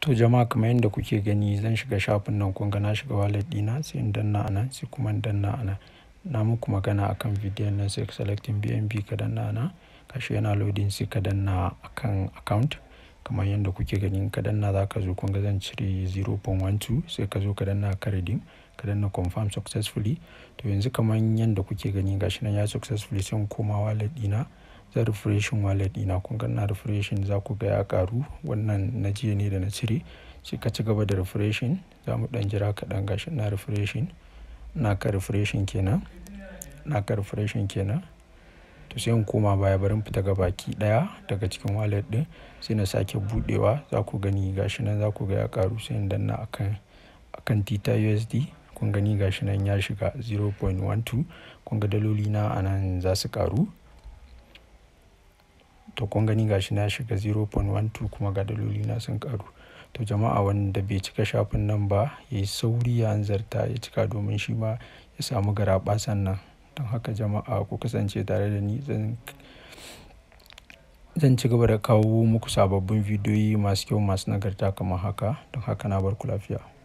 To jama'a kamar yadda kuke gani zan shiga shafin nan kun na shiga wallet ɗina sai in danna anan sai kuma in danna ana Na muku magana akan bidiyon nan sai selecting BNB ka danna ana kashe yana loading sai ka danna akan account kamar yadda kuke gani ka danna za ka zo kun ga zan cire 0.12 sai ka zo ka danna ka redeem ka danna confirm successfully. To yanzu kamar yadda kuke gani gashi nan ya successfully sai kuma koma wallet ɗina. zan refreshin wallet ɗina. Kun ga na refreshin za ku ga ya ƙaru. Wannan na jiya ne da na cire. Sai ka ci gaba da refreshin Za mu ɗan jira kaɗan gashi na refreshin na ka refreshin kenan. na ka refreshin kenan. To sai in koma baya barin fita ga baki ɗaya daga cikin wallet ɗin. Sai na sake buɗewa. Za ku gani gashi nan za ku ga ya ƙaru. Sai in danna a kan, tita USD. Kun gani gashi nan ya shiga 0.12. Kun ga daloli na anan za su ƙaru. To kun gani gashi na shiga 0.12 kuma ga daloli na sun karu To jama'a wanda bai cika shafin nan ba ya yi sauri ya hanzarta ya cika domin shi ma ya samu garaɓasan sannan Don haka jama'a ku kasance tare da ni zan ci gaba da kawo muku sababbin bidiyoyi masu kyau masu nagarta kamar haka. Don haka na bar ku lafiya.